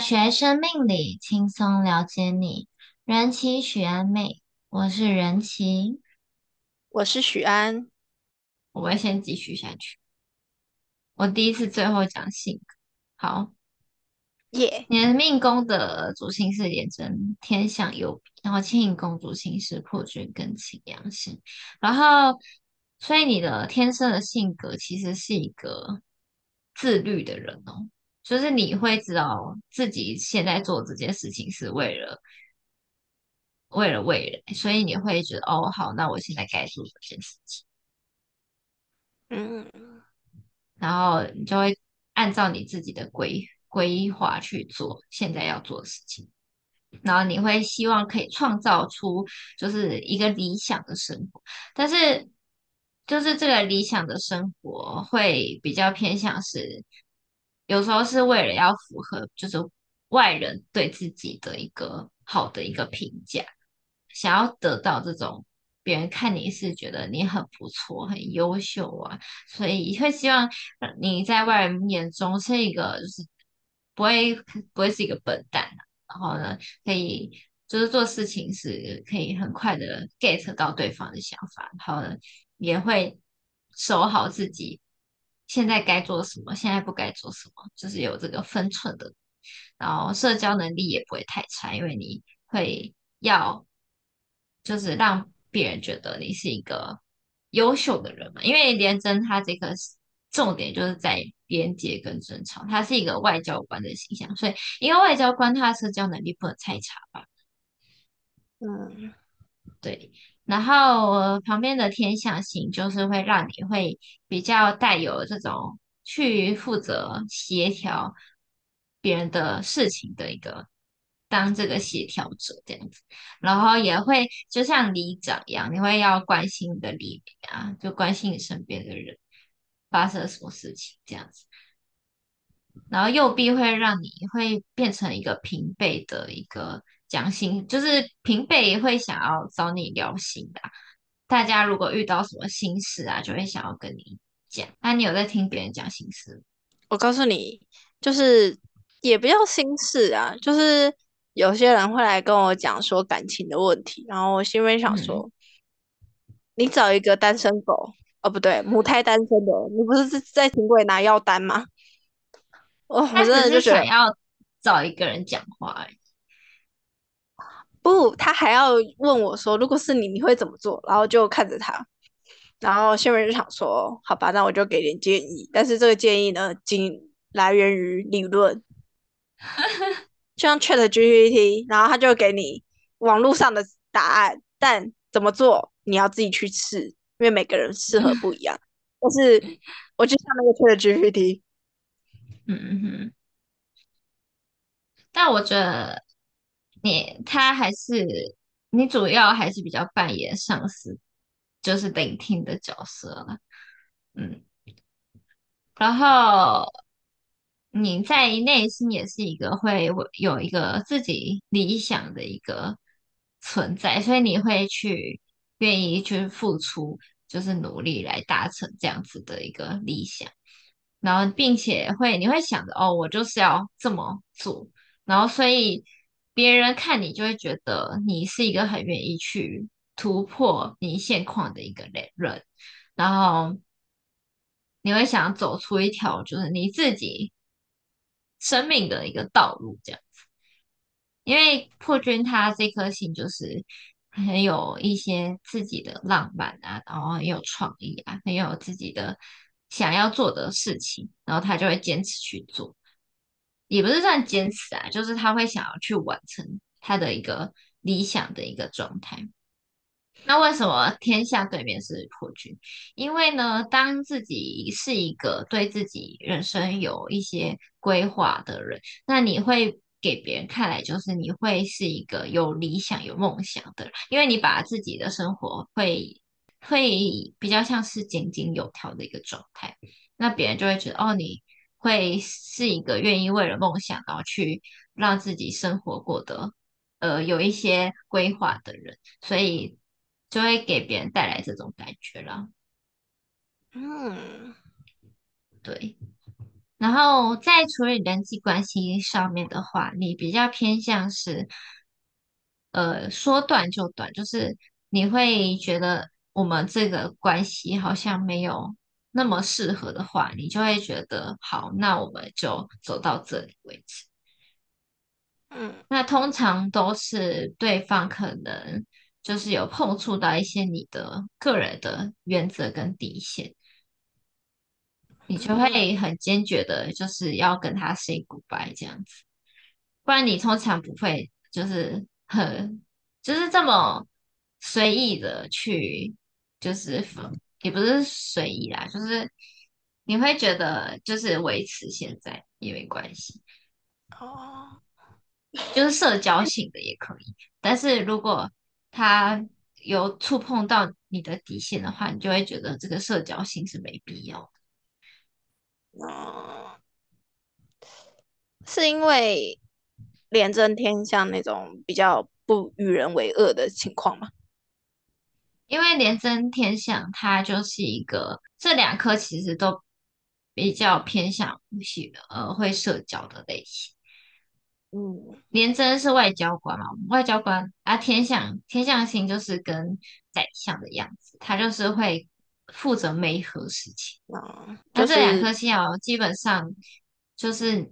學生命理輕鬆了解你。人奇煦銨妹，我是人奇，我是煦銨，我們先繼續下去。我第一次最後講性格，好。耶！Yeah. 你的命宮的主星是廉貞、天相右弼，然後遷移宮主星是破軍跟擎羊星，然後所以你的天生的性格其實是一個自律的人哦。就是你會知道自己現在做這件事情是為了為了未來，所以你會覺得哦好，那我現在該做這件事情，嗯，然後你就會按照你自己的規規劃去做現在要做的事情，然後你會希望可以創造出就是一個理想的生活，但是就是這個理想的生活會比較偏向是。有時候是為了要符合，就是外人對自己的一個好的一個評價，想要得到這種別人看你是覺得你很不錯、很優秀啊，所以會希望你在外人眼中是一個就是不會不會是一個笨蛋啊，然後呢可以就是做事情時可以很快的 get 到對方的想法，然後呢也會守好自己。現在該做什麼，現在不該做什麼，就是有這個分寸的。然後社交能力也不會太差，因為你會要就是讓別人覺得你是一個優秀的人嘛。因為廉貞他這個重點就是在邊界跟正常，他是一個外交官的形象，所以因為外交官他的社交能力不能太差吧？嗯，對。然後旁邊的天相星就是會讓你會比較帶有這種去負責協調別人的事情的一個，當這個協調者這樣子，然後也會就像里長一樣，你會要關心你的里面啊，就關心你身邊的人發生什麼事情這樣子，然後右弼會讓你會變成一個平輩的一個。講心就是平輩也會想要找你聊心的，啊，大家如果遇到什麼心事啊，就會想要跟你講。那、啊、你有在聽別人講心事？我告訴你，就是也不要心事啊，就是有些人會來跟我講說感情的問題，然後我心裡面想說，嗯、你找一個單身狗哦，不對，母胎單身的，你不是在跟鬼拿藥單嗎？我、哦、但 我真的就是想要找一個人講話不，他還要問我說：“如果是你，你會怎麼做？”然後就看着他，然後下面就想說：“好吧，那我就給點建議。”但是這個建議呢，僅來源於理論， 就像 Chat GPT，然後他就給你網絡上的答案，但怎麼做你要自己去試，因為每個人適合不一樣。 但是我就像那個 Chat GPT，嗯嗯嗯， 但我覺得。你他還是你主要還是比較扮演上司，就是聆聽的角色了，嗯，然後你在內心也是一個會有一個自己理想的一個存在，所以你會去願意去付出，就是努力來達成這樣子的一個理想，然後並且會你會想着哦，我就是要這麼做，然後所以。別人看你就會覺得你是一個很願意去突破你現況的一個人，然後你會想走出一條就是你自己生命的一個道路這樣子。因為破軍他這顆星就是很有一些自己的浪漫啊，然後很有創意啊，很有自己的想要做的事情，然後他就會堅持去做。也不是算堅持啊，就是他會想要去完成他的一個理想的一個狀態。那為什麼天相對面是破軍？因為呢，當自己是一個對自己人生有一些規劃的人，那你會給別人看來就是你會是一個有理想、有夢想的人，因為你把自己的生活會會比較像是井井有條的一個狀態，那別人就會覺得哦你。會是一個願意為了夢想然後去讓自己生活過得呃有一些規劃的人，所以就會給別人帶來這種感覺了。嗯，對。然後在處理人際關係上面的話，你比較偏向是，呃，說斷就斷，就是你會覺得我們這個關係好像沒有。那麼適合的話，你就會覺得好，那我們就走到這裡為止。嗯，那通常都是對方可能就是有碰觸到一些你的個人的原則跟底線，你就會很堅決的，就是要跟他 say goodbye 這樣子。不然你通常不會就是很就是這麼隨意的去就是。嗯也不是隨意啦，就是你會覺得就是維持現在也沒關係哦，oh。就是社交性的也可以，但是如果他有觸碰到你的底線的話，你就會覺得這個社交性是沒必要的。嗯，oh。是因為廉貞天相那種比較不與人為惡的情況嗎？因為廉貞天相，它就是一個這兩顆其實都比較偏向喜呃會社交的類型。嗯，廉貞是外交官嘛，外交官啊，天相天相星就是跟宰相的樣子，它就是會負責每一盒事情。那、嗯就是、這兩顆星啊，基本上就是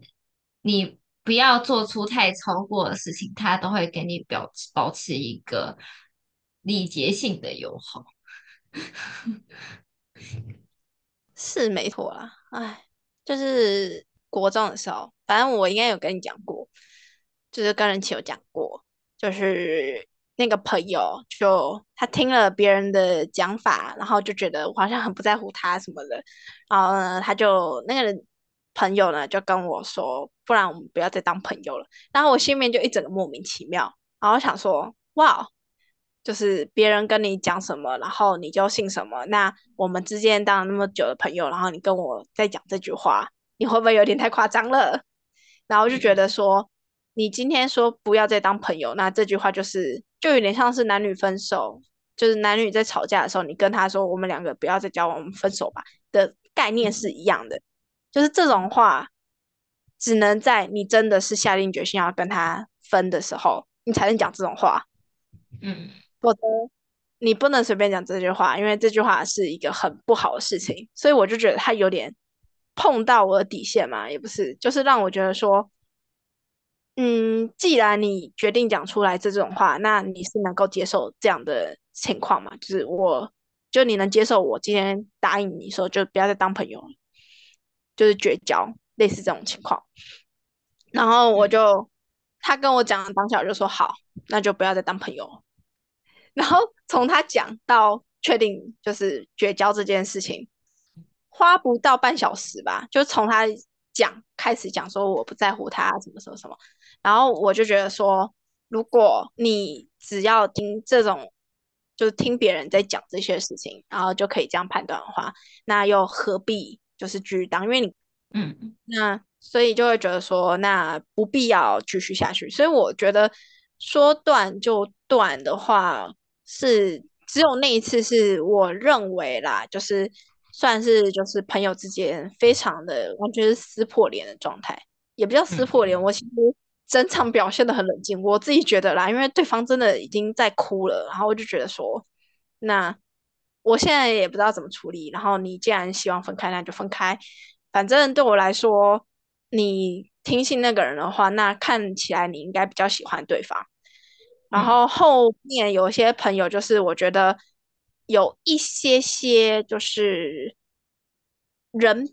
你不要做出太超過的事情，它都會給你保持保持一個。禮節性的友好 是沒錯啦，哎，就是國中的時候，反正我應該有跟你講過，就是跟人奇有講過，就是那個朋友就他聽了別人的講法，然後就覺得我好像很不在乎他什麼的，然後呢，他就那個人朋友呢就跟我說，不然我們不要再當朋友了。然後我心裡面就一整個莫名其妙，然後我想說，哇。就是別人跟你講什麼，然後你就信什麼。那我們之間當了那麼久的朋友，然後你跟我再講這句話，你會不會有點太誇張了？然後就覺得說，你今天說不要再當朋友，那這句話就是就有點像是男女分手，就是男女在吵架的時候，你跟他說我們兩個不要再交往，我們分手吧的概念是一樣的。就是這種話，只能在你真的是下定決心要跟他分的時候，你才能講這種話。嗯。否則你不能隨便講這句話，因為這句話是一個很不好的事情，所以我就覺得他有點碰到我的底線嘛。也不是，就是讓我覺得說，嗯，既然你決定講出來這種話，那你是能夠接受這樣的情況嘛？就是我，就你能接受我今天答應你說，就不要再當朋友就是絕交，類似這種情況。然後我就他跟我講當下，我就說好，那就不要再當朋友。然後從他講到確定就是絕交這件事情，花不到半小時吧，就從他講開始講說我不在乎他什麼什麼什麼，然後我就覺得說，如果你只要聽這種，就是聽別人在講這些事情，然後就可以這樣判斷的話，那又何必就是繼續當？因為你，嗯，那所以就會覺得說，那不必要繼續下去。所以我覺得說斷就斷的話。是，只有那一次是我認為啦，就是算是就是朋友之間非常的完全是撕破臉的狀態，也不叫撕破臉，我其實整場表現的很冷靜，我自己覺得啦，因為對方真的已經在哭了，然後我就覺得說，那我現在也不知道怎麼處理，然後你既然希望分開，那就分開，反正對我來說，你聽信那個人的話，那看起來你應該比較喜歡對方。然後後面有些朋友，就是我覺得有一些些就是人，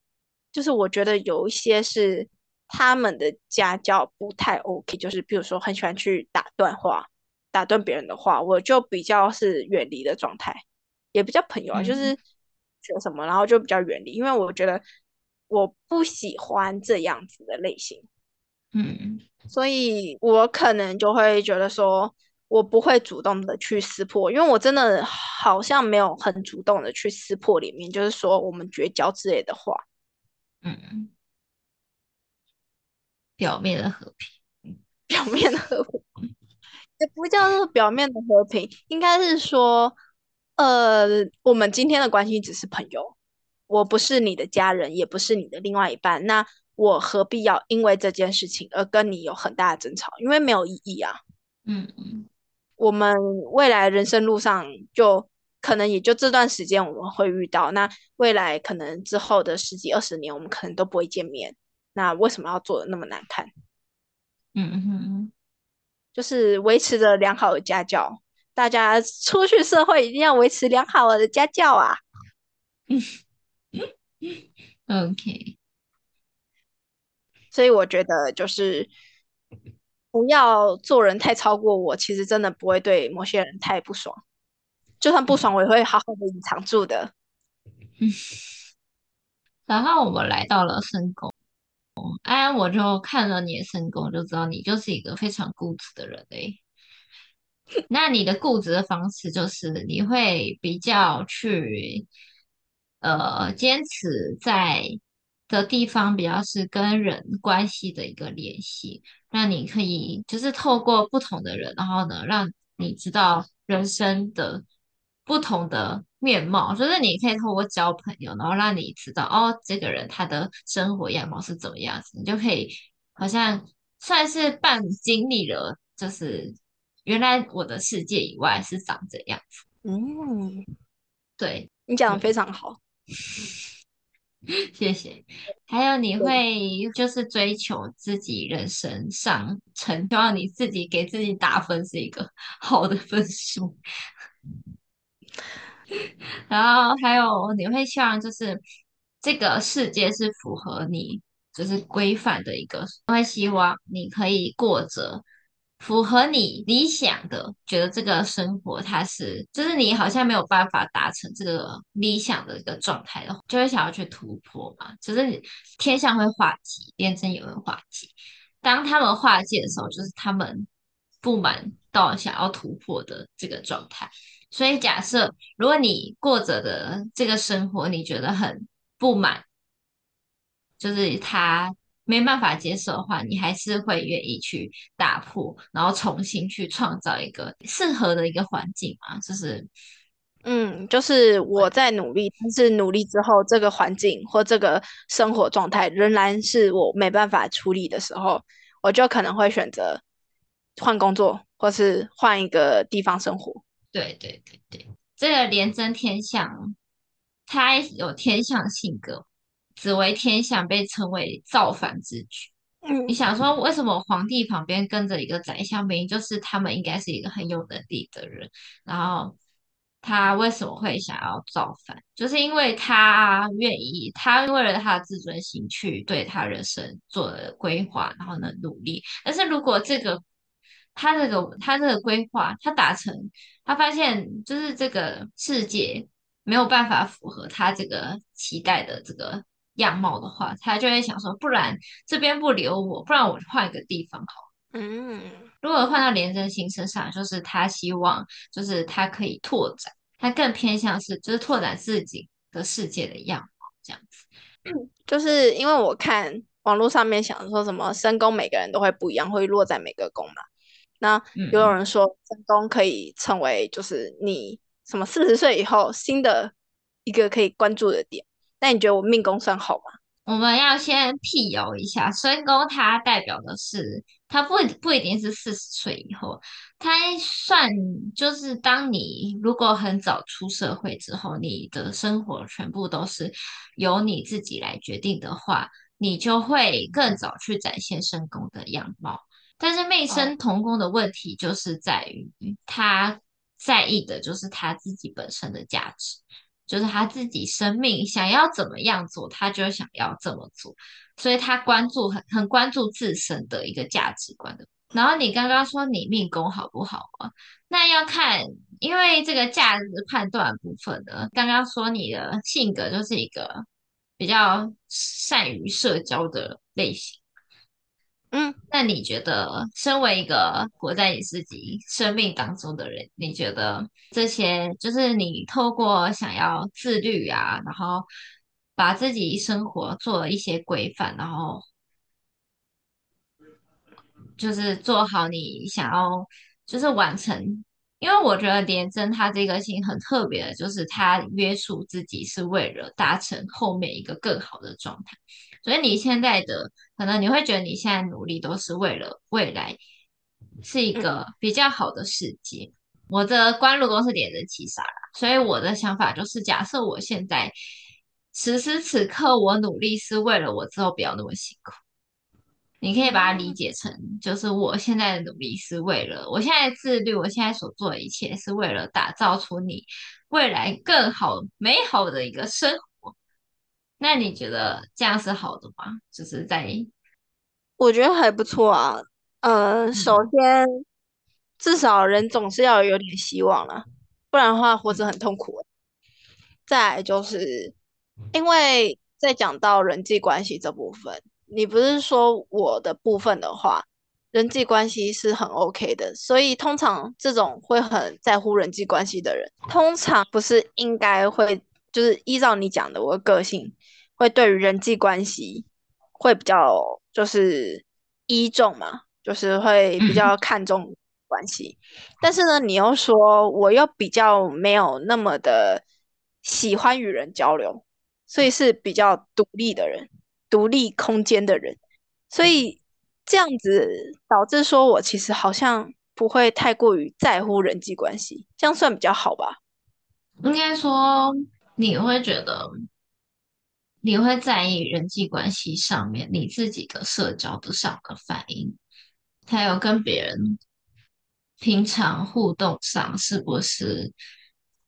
就是我覺得有一些是他們的家教不太 OK，就是比如說很喜歡去打斷話，打斷別人的話，我就比較是遠離的狀態，也不叫朋友啊，就是有什麼然後就比較遠離，因為我覺得我不喜歡這樣子的類型，嗯，所以我可能就會覺得說。我不會主動的去撕破，因為我真的好像沒有很主動的去撕破裡面，就是說我們絕交之類的話。嗯嗯，表面的和平，表面的和平 也不叫做表面的和平，應該是說，呃，我們今天的關係只是朋友，我不是你的家人，也不是你的另外一半，那我何必要因為這件事情而跟你有很大的爭吵？因為沒有意義啊。嗯嗯。我們未來人生路上，就可能也就這段時間我們會遇到。那未來可能之後的十幾二十年，我們可能都不會見面。那為什麼要做的那麼難看？嗯嗯嗯，hmm. 就是維持着良好的家教，大家出去社會一定要維持良好的家教啊。嗯嗯嗯，OK。所以我覺得就是。不要做人太超過我，其實真的不會對某些人太不爽，就算不爽，我也會好好的隱藏住的。嗯，然後我們來到了身宮，安安，我就看了你的身宮，就知道你就是一個非常固執的人、欸、 那你的固執的方式就是你會比較去，呃，堅持在的地方比較是跟人關係的一個聯繫，讓你可以就是透過不同的人，然後呢，讓你知道人生的不同的面貌。就是你可以透過交朋友，然後讓你知道哦，這個人他的生活樣貌是怎麼樣子，你就可以好像算是半經歷了，就是原來我的世界以外是長這樣子。嗯，對，你講的非常好。嗯 謝謝。還有，你會就是追求自己人生上成就，讓你自己給自己打分是一個好的分數。 然後還有，你會希望就是這個世界是符合你就是規範的一個，會希望你可以過着。符合你理想的，覺得這個生活它是，就是你好像沒有辦法達成這個理想的一個狀態的話，就會想要去突破嘛。就是天相會化忌，廉貞也會化忌。當他們化忌的時候，就是他們不滿到想要突破的這個狀態。所以假設，如果你過着的這個生活，你覺得很不滿，就是他。沒辦法接受的話，你還是會願意去打破，然後重新去創造一個適合的一個環境啊，就是，嗯，就是我在努力，但是努力之後，這個環境或這個生活狀態仍然是我沒辦法處理的時候，我就可能會選擇換工作，或是換一個地方生活。對對對對，這個廉貞天相，他有天相性格。紫微天相被稱為造反之舉。嗯，你想說，為什麼皇帝旁邊跟着一個宰相，兵就是他們應該是一個很有能力的人，然後他為什麼會想要造反？就是因為他願意，他為了他的自尊心去對他人生做了規劃，然後呢努力。但是如果這個他這個他這個規劃他達成，他發現就是這個世界沒有辦法符合他這個期待的這個樣貌的話，他就會想說，不然這邊不留我，不然我換一個地方好。嗯，如果換到廉貞星身上，就是他希望，就是他可以拓展，他更偏向是，就是拓展自己的世界的樣貌這樣子，嗯。就是因為我看網絡上面想說什麼身宮，每個人都會不一樣，會落在每個宮嘛。那有有人說，身宮可以成為就是你什麼四十歲以後新的一個可以關注的點。那你覺得我命宮算好嗎？我們要先闢謠一下，身宮它代表的是，它不不一定是四十歲以後，它算就是當你如果很早出社會之後，你的生活全部都是由你自己來決定的話，你就會更早去展現身宮的樣貌。但是命身同宮的問題就是在於他在意的就是他自己本身的價值。就是他自己生命想要怎麼樣做，他就想要這麼做，所以他關注很很關注自身的一個價值觀的。然後你剛剛說你命宮好不好啊？那要看，因為這個價值判斷部分呢，剛剛說你的性格就是一個比較善於社交的類型。嗯，那你覺得，身為一個活在你自己生命當中的人，你覺得這些就是你透過想要自律啊，然後把自己生活做了一些規範，然後就是做好你想要就是完成。因為我覺得廉貞他這個心很特別的，就是他約束自己是為了達成後面一個更好的狀態。所以你現在的可能你會覺得你現在努力都是為了未來是一個比較好的世界。嗯、我的官祿都是連著七殺啦，所以我的想法就是，假設我現在此時此刻我努力是為了我之後不要那麼辛苦。嗯、你可以把它理解成，就是我現在的努力是為了我現在自律，我現在所做的一切是為了打造出你未來更好美好的一個生活。那你覺得這樣是好的嗎？就是在，我覺得還不錯啊。呃，嗯，首先，至少人總是要有點希望啦，不然的話活着很痛苦。再就是，因為在講到人際關係這部分，你不是說我的部分的話，人際關係是很 OK 的，所以通常這種會很在乎人際關係的人，通常不是應該會。就是依照你講的，我的個性會對於人際關係會比較就是倚重嘛，就是會比較看重關係。但是呢，你又說我又比較沒有那麼的喜歡與人交流，所以是比較獨立的人，獨立空間的人。所以這樣子導致說我其實好像不會太過於在乎人際關係，這樣算比較好吧？應該說。你會覺得你會在意人際關係上面你自己的社交的上的反應，還有跟別人平常互動上是不是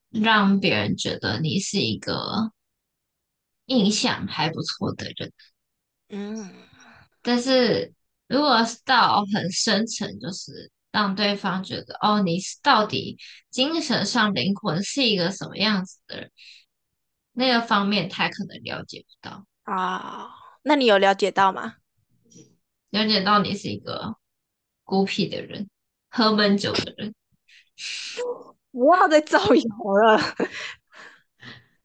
讓別人覺得你是一個印象還不錯的人？嗯，但是如果到很深層，就是讓對方覺得哦，你是到底精神上靈魂是一個什麼樣子的人？那個方面他可能了解不到啊、哦，那你有了解到嗎？了解到你是一個孤僻的人，喝悶酒的人，不要再造謠了。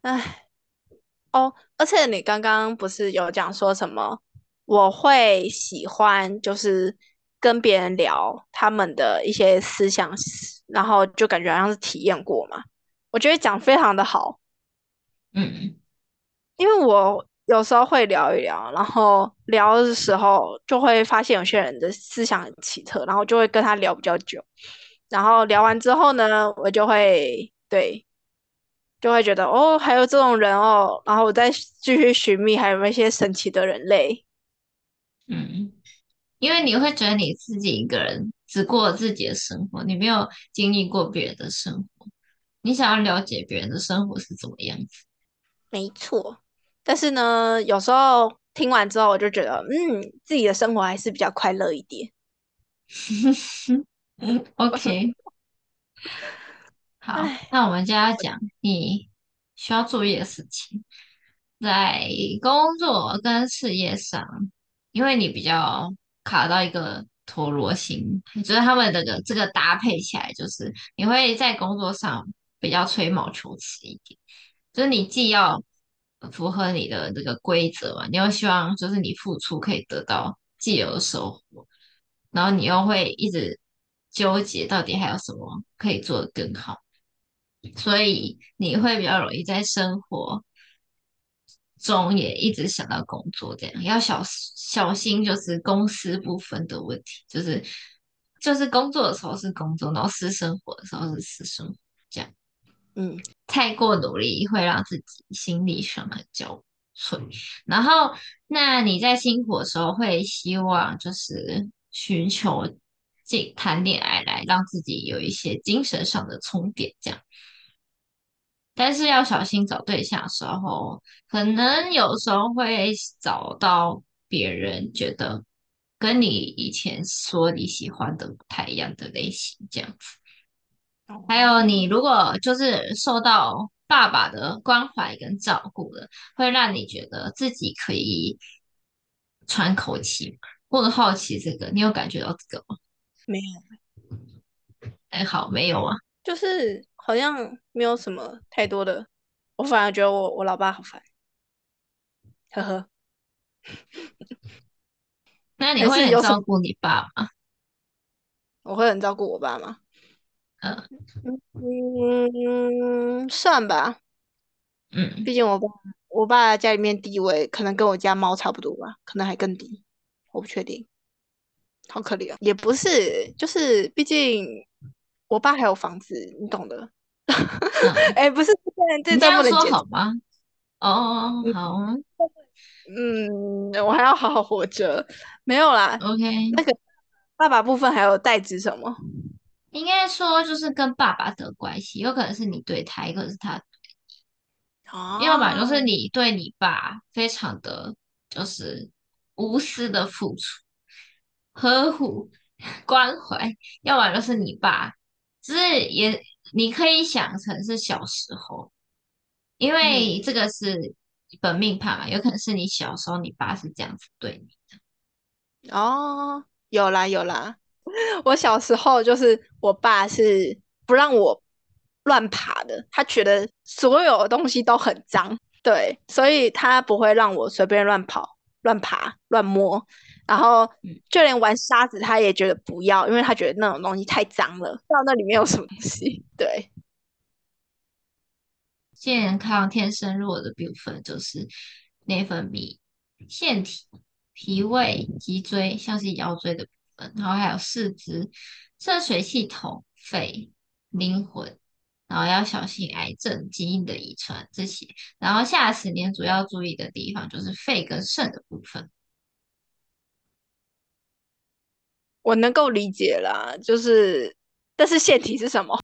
哎， 哦，而且你剛剛不是有講說什麼？我會喜歡就是跟別人聊他們的一些思想，然後就感覺好像是體驗過嘛。我覺得講非常的好。嗯，因為我有時候會聊一聊，然後聊的時候就會發現有些人的思想很奇特，然後就會跟他聊比較久。然後聊完之後呢，我就會對，就會覺得哦，還有這種人哦，然後我再繼續尋覓還有那些神奇的人類。嗯，因為你會覺得你自己一個人只過自己的生活，你沒有經歷過別人的生活，你想要了解別人的生活是怎麼樣子。沒錯，但是呢，有時候聽完之後，我就覺得，嗯，自己的生活還是比較快樂一點。 OK， 好，唉那我們就要講你需要注意的事情，在工作跟事業上，因為你比較卡到一個陀羅星，你覺得他們的這個這個搭配起來，就是你會在工作上比較吹毛求疵一點。就是你既要符合你的這個規則嘛，你又希望就是你付出可以得到既有的收穫，然後你又會一直糾結到底還有什麼可以做得更好，所以你會比較容易在生活中也一直想到工作，這樣要小心小心就是公私不分的問題，就是就是工作的時候是工作，然後私生活的時候是私生活，這樣，嗯。太過努力會讓自己心理上很交瘁，然後那你在辛苦的時候會希望就是尋求進談戀愛來讓自己有一些精神上的充電，這樣。但是要小心找對象的時候，可能有時候會找到別人覺得跟你以前說你喜歡的不太一樣的類型，這樣子。還有，你如果就是受到爸爸的關懷跟照顧的，會讓你覺得自己可以喘口氣。我很好奇這個，你有感覺到這個嗎？沒有，還、哎、好沒有啊。就是好像沒有什麼太多的，我反而覺得我我老爸好煩。呵呵， 那你會很照顧你爸嗎？我會很照顧我爸媽。嗯,嗯,嗯，算吧，嗯，畢竟我爸，我爸家裡面地位可能跟我家貓差不多吧，可能還更低，我不確定。好可憐、啊、也不是，就是畢竟我爸還有房子，你懂的。哎、啊 欸，不是，這這不能這說好嗎？哦、oh, 啊，好，嗯，我還要好好活着，沒有啦。OK，那個爸爸部分還有代指什麼？應該說，就是跟爸爸的關係，有可能是你對他，一個是他對你，哦，要不然就是你對你爸非常的，就是無私的付出、呵護、關懷，要不然就是你爸，只是也你可以想成是小時候，因為這個是本命盤嘛，嗯，有可能是你小時候你爸是這樣子對你的，哦，有啦有啦。 我小時候就是我爸是不讓我亂爬的，他覺得所有東西都很髒，對，所以他不會讓我隨便亂跑、亂爬、亂摸，然後就連玩沙子他也覺得不要，因為他覺得那種東西太髒了，不知道那裡面有什麼東西。對，健康天生弱的部分就是內分泌、腺體、脾胃、脊椎，像是腰椎的部分。然後還有四肢、腎水系統、肺、靈魂，然後要小心癌症基因的遺傳這些。然後下十年主要注意的地方就是肺跟腎的部分。我能夠理解啦，就是，但是腺體是什麼？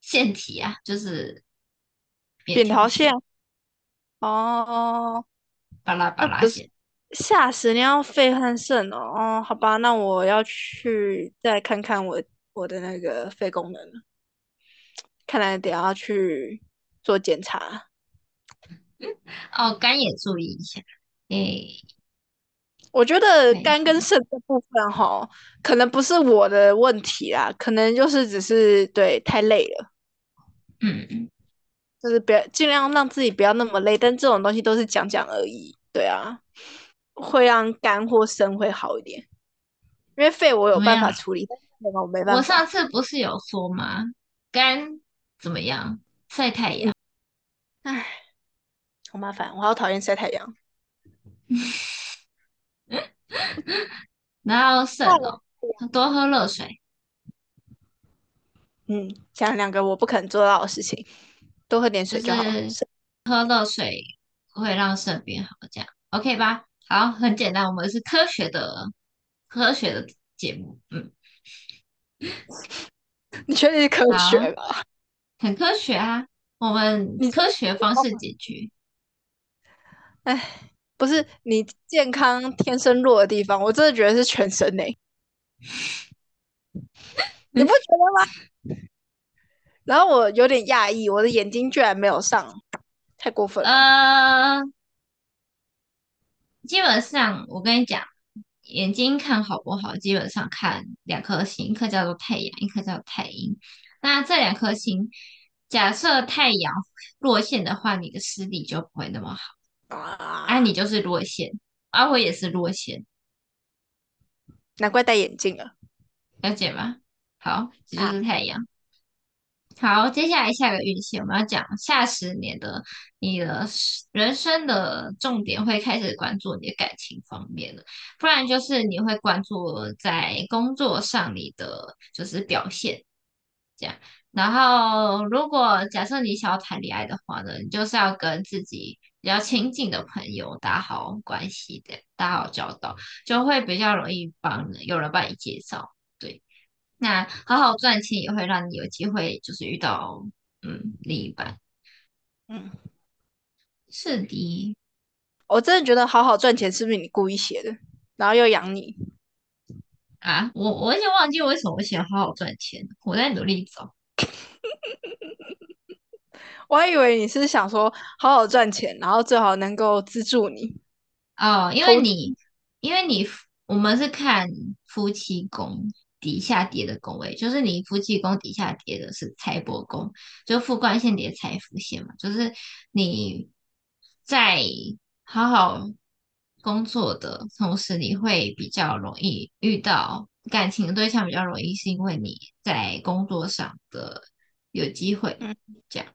腺體啊，就是扁桃腺哦，巴拉巴拉腺。嚇死！你要肺和腎哦，哦。好吧，那我要去再看看我我的那個肺功能。看來得要去做檢查。嗯。哦，肝也注意一下。誒、欸、我覺得肝跟腎這部分哈、哦，可能不是我的問題啦，可能就是只是對太累了。嗯嗯，就是不要盡量讓自己不要那麼累，但這種東西都是講講而已。對啊。會讓肝或腎會好一點，因為肺我有辦法處理，我沒辦法。我上次不是有說嗎？肝怎麼樣？曬太陽，嗯、唉，好麻煩，我好討厭曬太陽。 然後腎多喝熱水。嗯，講兩個我不可能做到的事情，多喝點水就好。就喝熱水會讓腎變好，這樣 OK 吧？好，很簡單，我們是科學的科學的節目，嗯，你確定是科學吧？很科學啊，我們以科學方式解決。哎，不是，你健康天生弱的地方，我真的覺得是全身哎、欸， 你不覺得嗎？ 然後我有點訝異，我的眼睛居然沒有上，太過分了，嗯、uh。基本上，我跟你講，眼睛看好不好，基本上看兩顆星，一顆叫做太陽，一顆叫做太陰。那這兩顆星，假設太陽落陷的話，你的視力就不會那麼好。啊，你就是落陷，阿、啊、我也是落陷，難怪戴眼鏡了。了解嗎？好，這就是太陽。啊好，接下來下個運氣，我們要講下十年的你的人生的重點會開始關注你的感情方面了，不然就是你會關注在工作上你的就是表現，這樣。然後，如果假設你想要談戀愛的話呢，你就是要跟自己比較親近的朋友打好關係的，打好交道，就會比較容易幫有人幫你介紹。那好好賺錢也會讓你有機會，就是遇到嗯，另一半，嗯，是的，我真的覺得好好賺錢是不是你故意寫的？然後又養你啊？我我先忘記為什麼我寫好好賺錢，我在努力找。 我還以為你是想說好好賺錢，然後最好能夠資助你哦，因為你投因為你我們是看夫妻宮。底下疊的宮位，就是你夫妻宮底下疊的是財帛宮，就夫官線疊財富線嘛，就是你在好好工作的同時，你會比較容易遇到感情的對象，比較容易，是因為你在工作上的有機會、嗯、這樣。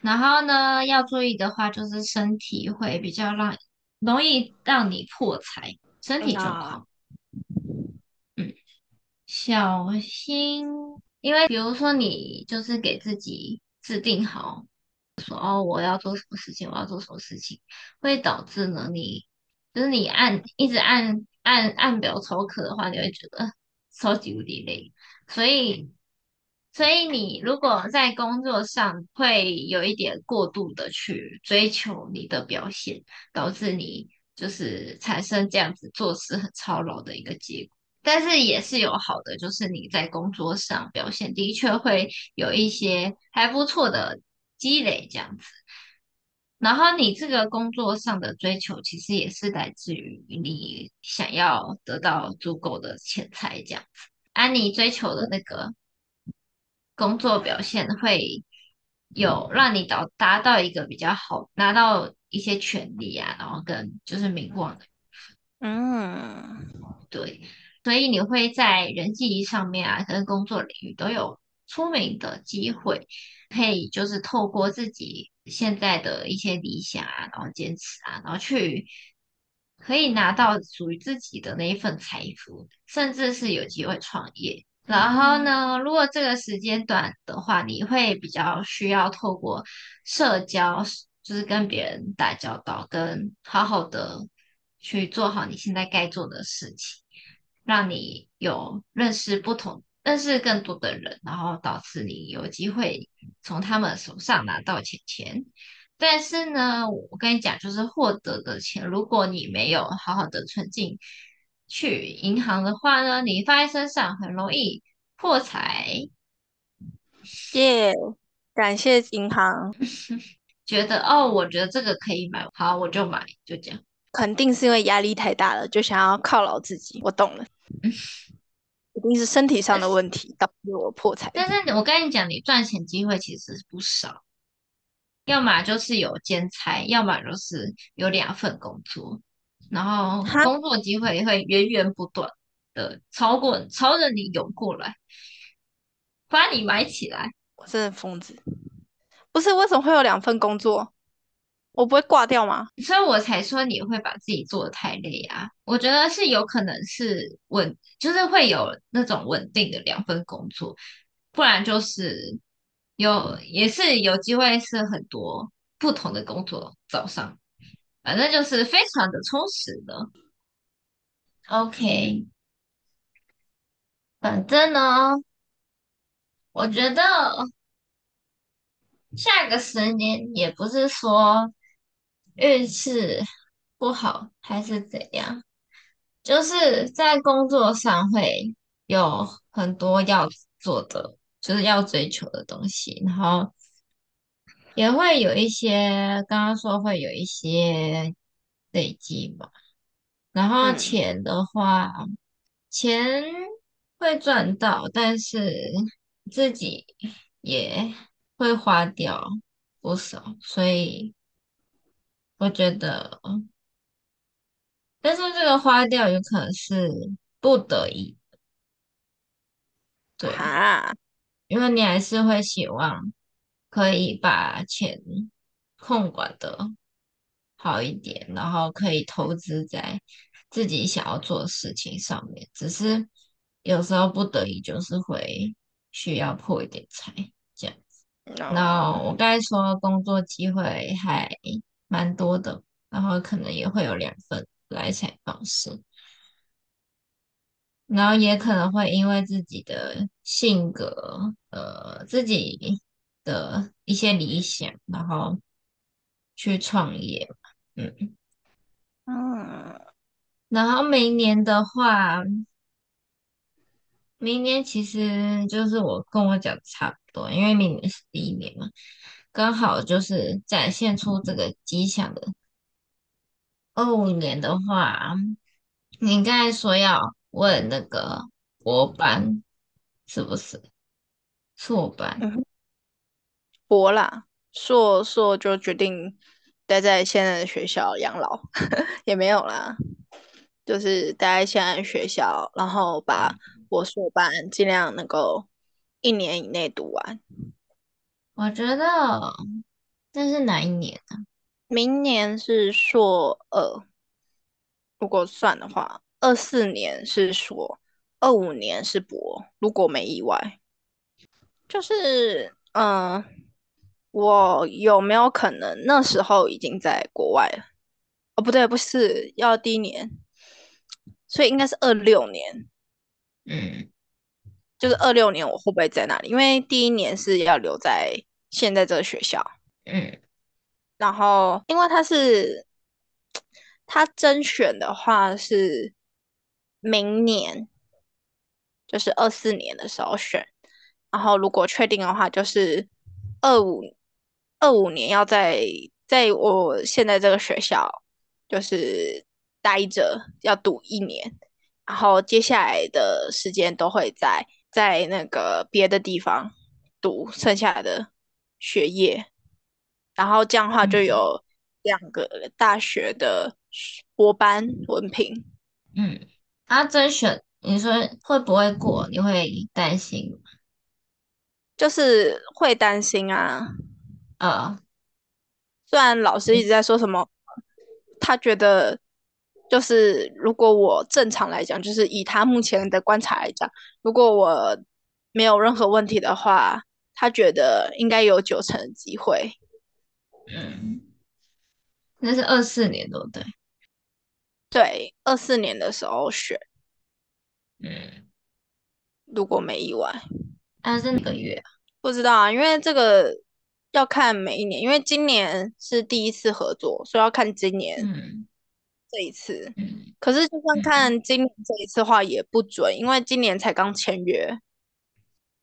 然後呢，要注意的話，就是身體會比較讓容易讓你破財，身體狀況。小心，因為比如說你就是給自己制定好，說哦，我要做什麼事情，我要做什麼事情，會導致呢，你就是你按一直按按按表操課的話，你會覺得超級無敵累。所以，所以你如果在工作上會有一點過度的去追求你的表現，導致你就是產生這樣子做事很操勞的一個結果。但是也是有好的，就是你在工作上表現的確會有一些還不錯的積累，這樣子。然後你這個工作上的追求，其實也是來自於你想要得到足夠的錢財，這樣子。而、啊、你追求的那個工作表現，會有讓你到達到一個比較好，拿到一些權利啊，然後跟就是名望的部分。嗯，對。所以你會在人際上面啊，跟工作領域都有出名的機會，可以就是透過自己現在的一些理想啊，然後堅持啊，然後去可以拿到屬於自己的那一份財富，甚至是有機會創業。然後呢，如果這個時間短的話，你會比較需要透過社交，就是跟別人打交道，跟好好的去做好你現在該做的事情。讓你有認識不同、認識更多的人，然後導致你有機會從他們手上拿到錢錢。但是呢，我跟你講，就是獲得的錢，如果你沒有好好的存進去銀行的話呢，你放在身上很容易破財。謝，yeah, 感謝銀行。 覺得哦，我覺得這個可以買，好，我就買，就這樣。肯定是因為壓力太大了，就想要犒勞自己。我懂了。嗯，一定是身體上的問題導致是我破財。但是我跟你講，你賺錢機會其實不少，要麼就是有兼差，要麼就是有兩份工作，然後工作機會會源源不斷的哈超過朝着你湧過來，把你埋起來。我真的瘋子？不是，為什麼會有兩份工作？我不會掛掉嗎？所以我才說你會把自己做的太累啊！我覺得是有可能是穩，就是會有那種穩定的兩份工作，不然就是有也是有機會是很多不同的工作。早上反正就是非常的充實的。OK，反正呢，我覺得下個十年也不是說。運勢不好還是怎樣？就是在工作上會有很多要做的，就是要追求的東西，然後也會有一些剛剛說會有一些累積嘛。然後錢的話，嗯。錢會賺到，但是自己也會花掉不少，所以。我覺得，但是這個花掉有可能是不得已的，對啊，因為你還是會希望可以把錢控管得好一點，然後可以投資在自己想要做的事情上面。只是有時候不得已就是會需要破一點財這樣子。然後 No. 我剛才說工作機會還。蠻多的，然後可能也會有兩份來錢方式，然後也可能會因為自己的性格，呃，自己的一些理想，然後去創業嘛，嗯嗯，嗯，然後明年的話，明年其實就是我跟我講差不多，因為明年是第一年嘛。剛好就是展現出這個跡象的。二五年的話，你剛才說要問那個博班，是不是碩班？嗯？博啦，碩碩就決定待在現在的學校養老呵呵，也沒有啦，就是待在現在的學校，然後把博士班盡量能夠一年以內讀完。我覺得那是哪一年呢？啊？明年是碩二，呃，如果算的話，二四年是碩，二五年是博。如果沒意外，就是嗯、呃，我有沒有可能那時候已經在國外了？哦，不對，不是，要第一年，所以應該是二六年。嗯，就是二六年，我會不會在那裡？因為第一年是要留在。現在這個學校，嗯，然後因為他是他甄選的話是明年，就是二四年的時候選，然後如果確定的話，就是二五二五年要在在我現在這個學校就是待着，要讀一年，然後接下來的時間都會在在那個別的地方讀剩下的學業，然後這樣的話就有兩個大學的博班文憑。嗯，啊，甄選你說會不會過？你會擔心？就是會擔心啊。呃、哦，雖然老師一直在說什麼，他覺得就是如果我正常來講，就是以他目前的觀察來講，如果我沒有任何問題的話。他覺得應該有九成的機會，嗯，那是二四年對不對？對，二四年的時候選，嗯，如果沒意外，啊，是哪個月啊？不知道啊，因為這個要看每一年，因為今年是第一次合作，所以要看今年這一次。嗯，嗯，可是就算看今年這一次話也不準，因為今年才剛簽約。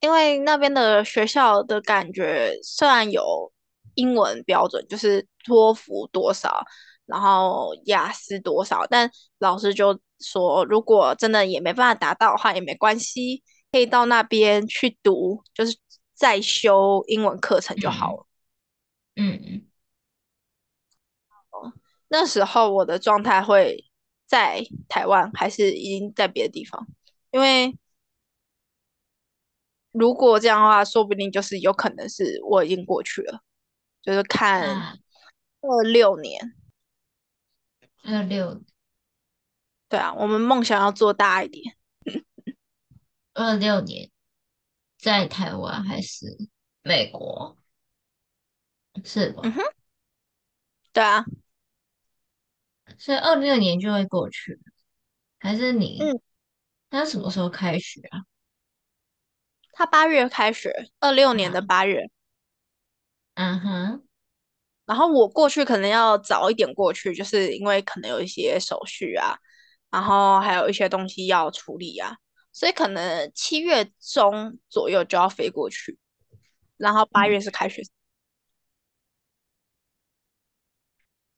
因為那邊的學校的感覺，雖然有英文標準，就是托福多少，然後雅思多少，但老師就說，如果真的也沒辦法達到的話，也沒關係，可以到那邊去讀，就是再修英文課程就好了。嗯嗯。哦，嗯，那時候我的狀態會在台灣，還是已經在別的地方？因為。如果這樣的話，說不定就是有可能是我已經過去了，就是看26年、啊、二六年，二六，對啊，我們夢想要做大一點。二六年，在台灣還是美國？是吧？嗯哼，對啊，所以二六年就會過去，還是你？他那、嗯、什麼時候開學啊？他八月開學，二六年的八月、啊。嗯哼。然後我過去可能要早一點過去，就是因為可能有一些手續啊，然後還有一些東西要處理啊，所以可能七月中左右就要飛過去。然後八月是開學。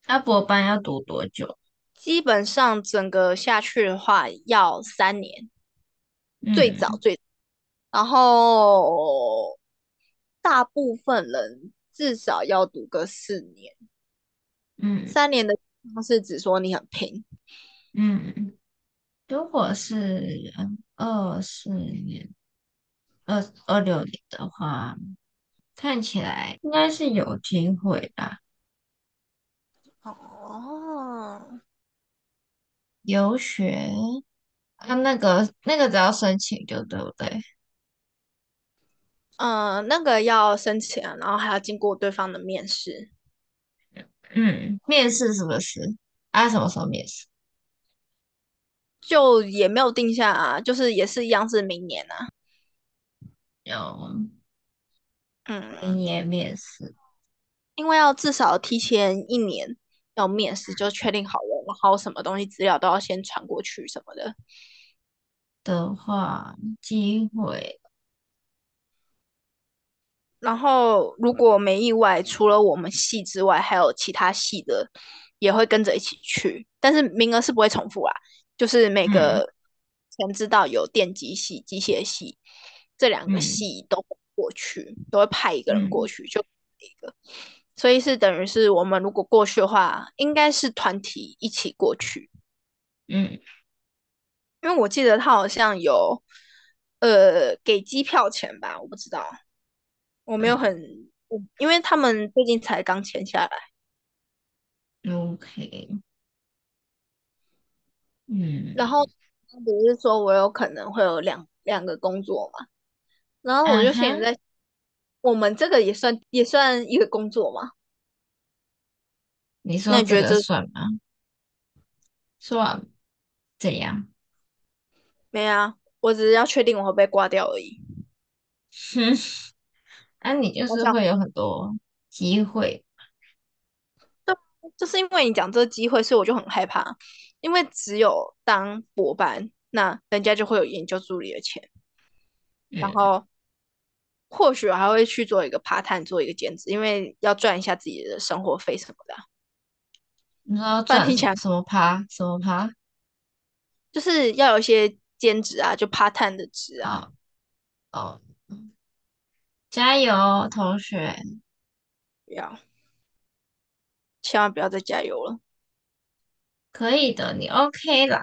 阿博班要讀多久？基本上整個下去的話要三年，嗯、最早最早。然後，大部分人至少要讀個四年，嗯，三年的，那是只說你很拼，嗯，如果是二四年、二二六年的話，看起來應該是有機會吧？哦，留學，他、啊、那個那個只要申請就對不對？呃、嗯，那個要申請、啊，然後還要經過對方的面試。嗯，面試是不是？啊，什麼時候面試？就也沒有定下，啊，就是也是一樣，是明年啊。有。嗯，明年面試、嗯。因為要至少提前一年要面試，就確定好了，然後什麼東西資料都要先傳過去什麼的。的話，機會。然後，如果沒意外，除了我們系之外，還有其他系的也會跟着一起去。但是名額是不會重複啊，就是每個人知道有電機系、嗯、機械系這兩個系都過去，嗯、都會派一個人過去，嗯、就一個。所以是等於是我們如果過去的話，應該是團體一起過去。嗯，因為我記得他好像有呃給機票錢吧，我不知道。我沒有很，我、嗯、因為他們最近才剛簽下來。OK。嗯。然後不是說我有可能會有兩兩個工作嘛？然後我就現在，uh huh. 我們這個也算也算一個工作嘛？你說，那你覺得這算嗎？算？怎樣？沒啊，我只是要確定我會，會被掛掉而已。哼。 那、啊、你就是會有很多機會，對，就是因為你講這個機會，所以我就很害怕，因為只有當博班，那人家就會有研究助理的錢，嗯、然後或許我還會去做一個 part time 做一個兼職，因為要賺一下自己的生活費什麼的。你說賺聽起來什麼 part 什麼 part？就是要有一些兼職啊，就 part time 的職啊。哦。Oh. Oh. 加油，同學！不要，千萬不要再加油了。可以的，你 OK 了。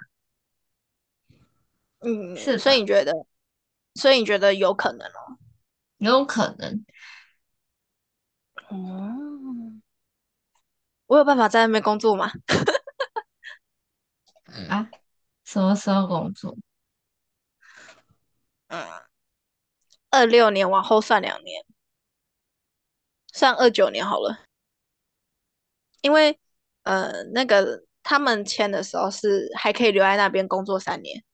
嗯，是吧，所以你覺得，所以你覺得有可能哦，有可能。哦，我有辦法在外面工作嗎？ 啊，什麼時候工作？嗯。二六年往後算兩年，算二九年好了。因為呃，那個他們簽的時候是還可以留在那邊工作三年。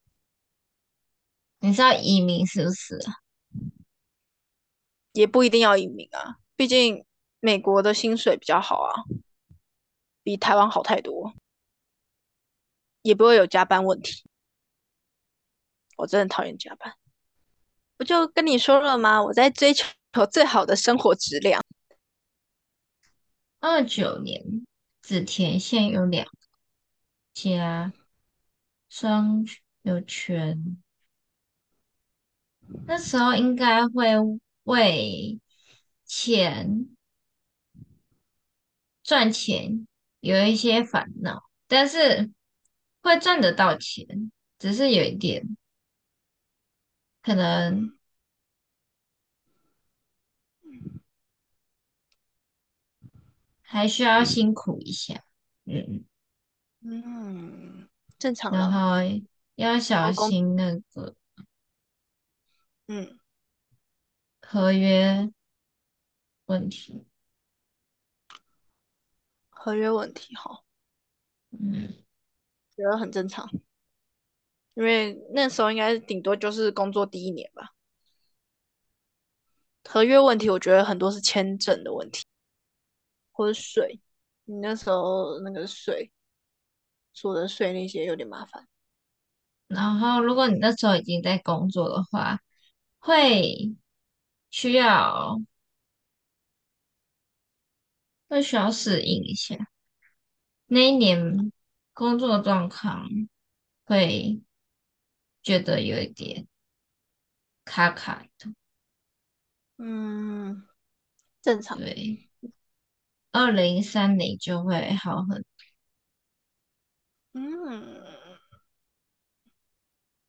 你是要移民是不是？也不一定要移民啊，畢竟美國的薪水比較好啊，比台灣好太多，也不會有加班問題。我真的討厭加班。不就跟你說了嗎？我在追求最好的生活質量。二九年，子田線有兩個家，雙有權。那時候應該會為錢賺錢有一些煩惱，但是會賺得到錢，只是有一點。可能，嗯，還需要辛苦一下，嗯，嗯，正常。然後要小心那個，嗯，合約問題，合約問題，好，嗯，覺得很正常。因為那時候應該頂多就是工作第一年吧，合約問題，我覺得很多是簽證的問題，或者稅，你那時候那個稅，所得稅那些有點麻煩。然後，如果你那時候已經在工作的話，會需要會需要適應一下，那一年工作狀況會。覺得有一點卡卡的，嗯，正常。對，二零三零就會好很多。嗯，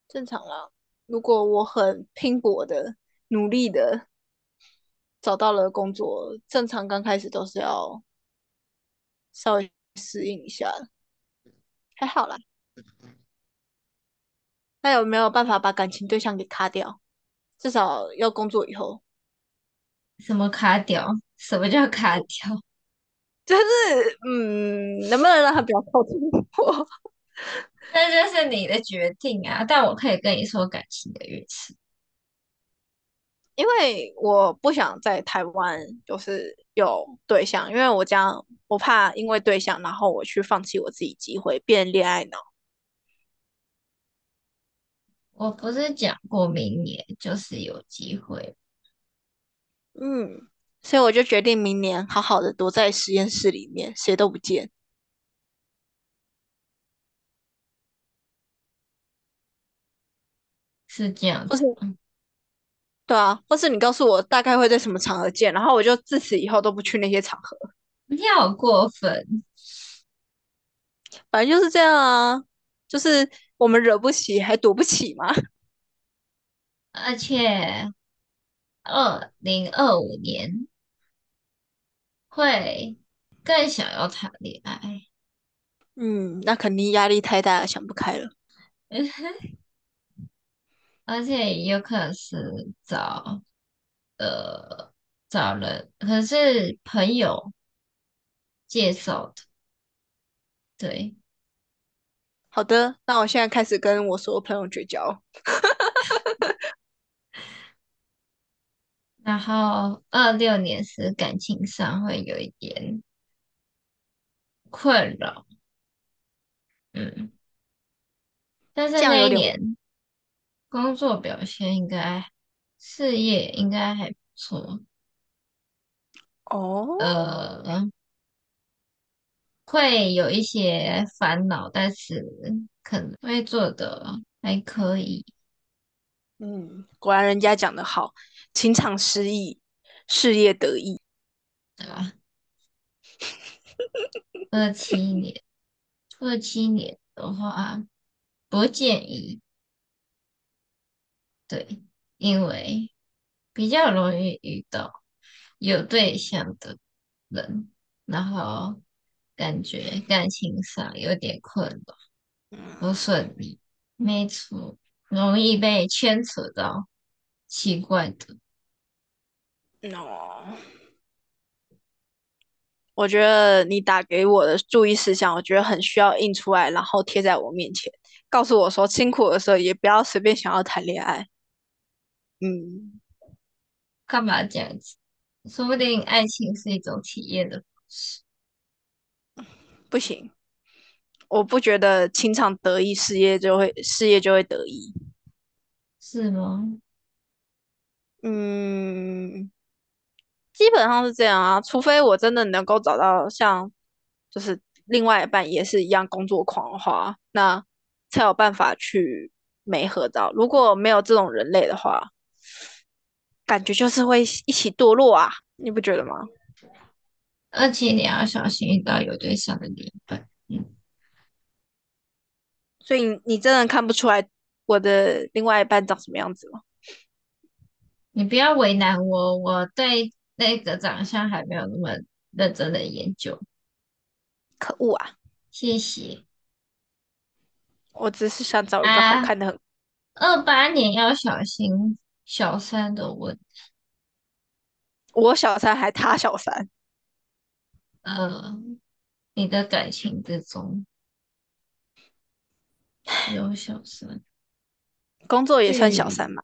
正常了。如果我很拼搏的、努力的找到了工作，正常剛開始都是要稍微適應一下，還好啦。那有沒有辦法把感情對象給卡掉？至少要工作以後。什麼卡掉？什麼叫卡掉？就是嗯，能不能讓他不要靠近我？那就 是你的決定啊！但我可以跟你說感情的運勢，因為我不想在台灣就是有對象，因為我家我怕因為對象，然後我去放棄我自己機會，變戀愛腦。我不是講過，明年就是有機會。嗯，所以我就決定明年好好的躲在實驗室裡面，誰都不見。是這樣子，或是對啊，或是你告訴我大概會在什麼場合見，然後我就自此以後都不去那些場合。你好過分，反正就是這樣啊，就是。我們惹不起，還躲不起嗎？而且，二零二五年會更想要談戀愛。嗯，那肯定壓力太大，想不開了。 而且有可能是找，呃，找了，可能是朋友介紹的。對。好的，那我現在開始跟我所有朋友絕交。 然後二六年是感情上會有一點困擾，嗯，但是那一年這樣工作表現應該事業應該還不錯。哦，oh. 呃。會有一些煩惱，但是可能會做得還可以。嗯，果然人家講得好，情場失意，事業得意，對吧？啊， 二七年， 二七年的話，不建議，對，因為比較容易遇到有對象的人，然後。感覺感情上有點困難，不順利，沒錯，容易被牽扯到奇怪的。喏，no. 我覺得你打給我的注意事項，我覺得很需要印出來，然後貼在我面前，告訴我說，辛苦的時候也不要隨便想要談戀愛。嗯，干嘛這樣子？說不定愛情是一種體驗的不行，我不覺得情場得意，事業就會事業就會得意，是嗎？嗯，基本上是這樣啊，除非我真的能夠找到像，就是另外一半也是一樣工作狂的話，那才有辦法去媒合到。如果沒有這種人類的話，感覺就是會一起墮落啊，你不覺得嗎？二七年要小心遇到有對象的另一半。嗯，所以你你真的看不出來我的另外一半長什麼樣子嗎？你不要為難我，我對那個長相還沒有那麼認真的研究。可惡啊！謝謝。我只是想找一個好看的啊。二八年要小心小三的問題。我小三還他小三。嗯、呃，你的感情之中有小三，工作也算小三嘛？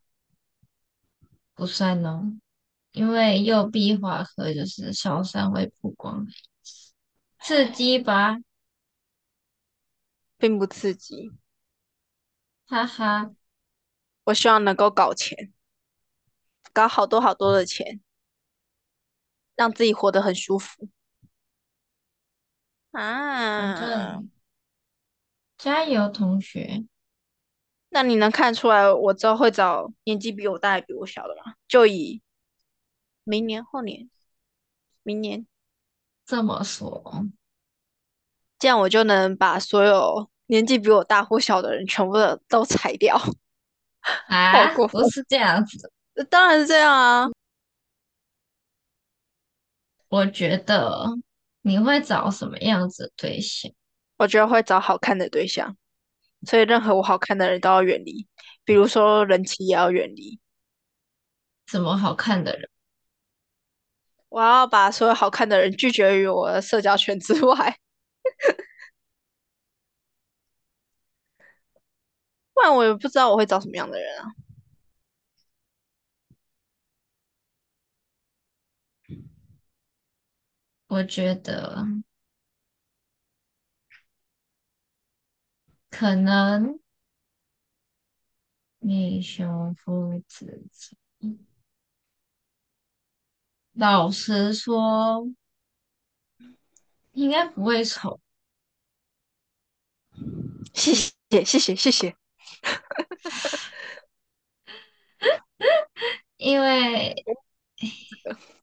嗯、不算哦，因為右弼化科就是小三會曝光，刺激吧？並不刺激，哈哈。我希望能夠搞錢，搞好多好多的錢，讓自己活得很舒服。啊，加油，同學！那你能看出來我之後會找年紀比我大比我小的嗎？就以明年、後年、明年這麼說，這樣我就能把所有年紀比我大或小的人全部的都裁掉啊？不是這樣子，當然是這樣啊！我覺得。你會找什麼樣子的對象？我覺得會找好看的對象，所以任何我好看的人都要遠離，比如說人妻也要遠離。怎麼好看的人？我要把所有好看的人拒絕於我的社交圈之外， 不然我也不知道我會找什麼樣的人啊。我覺得可能你想夫子醜，老實說應該不會醜。謝謝謝謝謝謝，因為。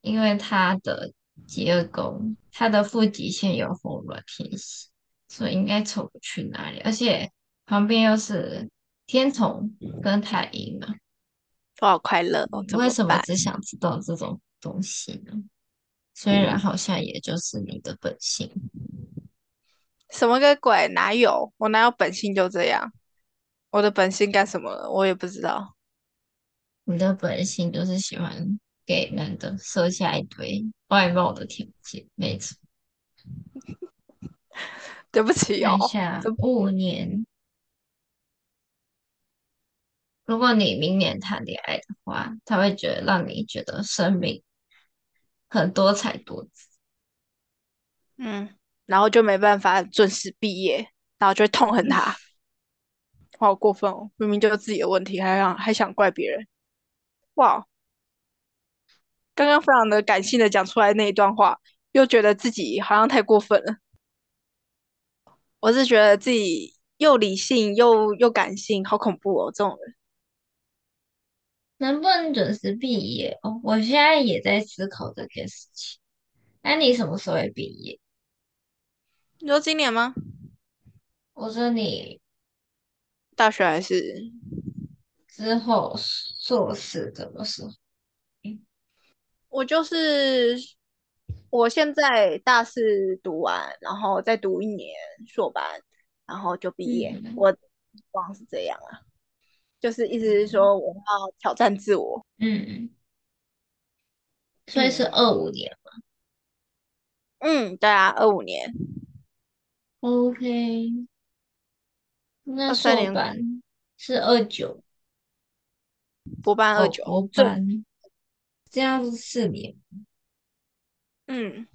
因為他的疾厄宮，他的父疾線有紅鸞天喜，所以應該醜不去哪裡，而且旁邊又是天同跟太陰的、啊，我好快樂、哦。為什麼只想知道這種東西呢？嗯、雖然好像也就是你的本性，什麼個鬼？哪有我哪有本性就這樣？我的本性幹什麼了？我也不知道。你的本性就是喜歡。給男的設下一堆外貌的條件，沒錯。 對不起、哦，等一下，五年。 如果你明年談戀愛的話，他會覺得讓你覺得生命很多彩多姿。嗯，然後就沒辦法準時畢業，然後就會痛恨他。好過分哦！明明就是自己的問題，還想還想怪別人。哇！剛剛非常的感性的講出來那一段話，又覺得自己好像太過分了。我是覺得自己又理性又又感性，好恐怖哦！這種人。能不能準時畢業？哦，我現在也在思考這件事情。那、啊、你什麼時候會畢業？你說今年嗎？我說你大學還是之後碩士怎麼說？我就是我現在大四讀完，然後再讀一年碩班，然後就畢業。嗯、我光是這樣啊，就是意思是說我要挑戰自我。嗯，所以是二五年嗎？嗯，對啊，二五年。OK，那碩班是二九，博班二九，博這樣是四年，嗯，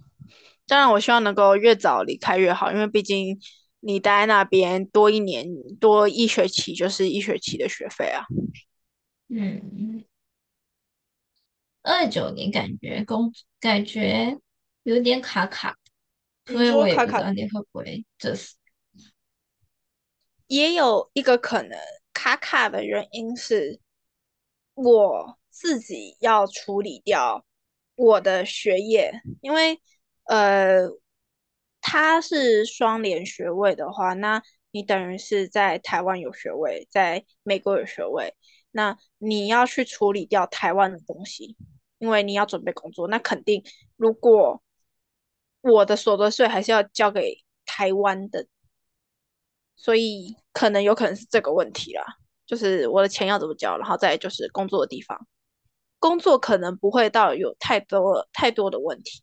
當然我希望能夠越早離開越好，因為畢竟你待在那邊多一年、多一學期就是一學期的學費啊。嗯，二九年感覺工感覺有點卡卡，說卡卡，所以我不知道你會不會就是，也有一個可能卡卡的原因是我。自己要處理掉我的學業，因為呃，他是雙聯學位的話，那你等於是在台灣有學位，在美國有學位，那你要去處理掉台灣的東西，因為你要準備工作，那肯定如果我的所得稅還是要交給台灣的，所以可能有可能是這個問題啦，就是我的錢要怎麼交，然後再就是工作的地方。工作可能不會到有太多太多的問題，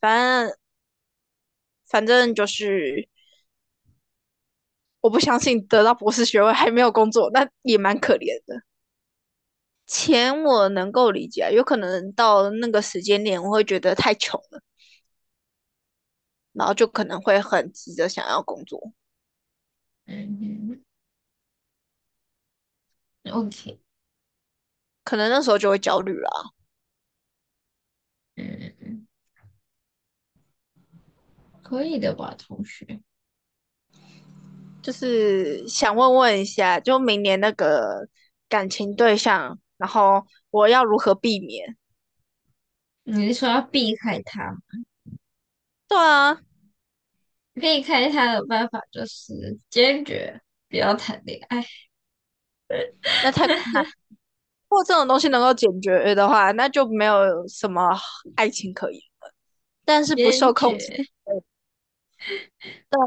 反正反正就是，我不相信得到博士學位還沒有工作，那也蠻可憐的。錢我能夠理解，有可能到那個時間點，我會覺得太窮了，然後就可能會很急着想要工作。嗯，OK。可能那時候就會焦慮了。嗯，可以的吧，同學。就是想問問一下，就明年那個感情對象，然後我要如何避免？你說要避開他？對啊，避開他的辦法就是堅決不要談戀愛。 那太他 如果這種東西能夠解決的話，那就沒有什麼愛情可言了。但是不受控制，爵對，對， 對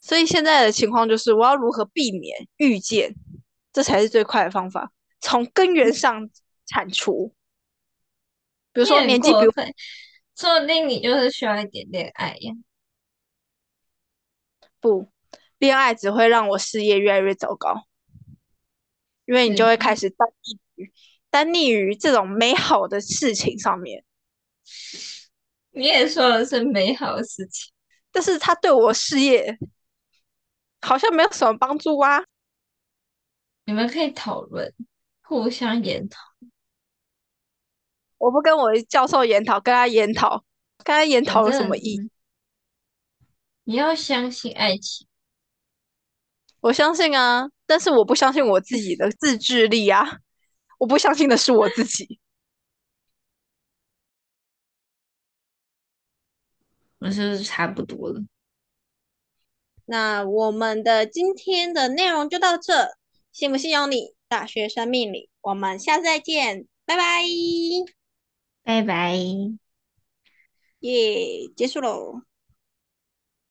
所以現在的情況就是，我要如何避免遇見？這才是最快的方法，從根源上剷除。比如說年紀比，比如說不定你就是需要一點戀愛呀。不，戀愛只會讓我事業越來越糟糕。因為你就會開始耽溺於對耽溺於這種美好的事情上面。你也說的是美好的事情，但是他對我事業好像沒有什麼幫助啊。你們可以討論，互相研討。我不跟我教授研討，跟他研討，跟他研討有什麼意義？你要相信愛情。我相信啊。但是我不相信我自己的自制力啊！我不相信的是我自己。 我是，是差不多了。那我們的今天的內容就到這。信不信由你，大學生命理，我們下次再見，拜拜，拜拜，耶，yeah, 結束嘍。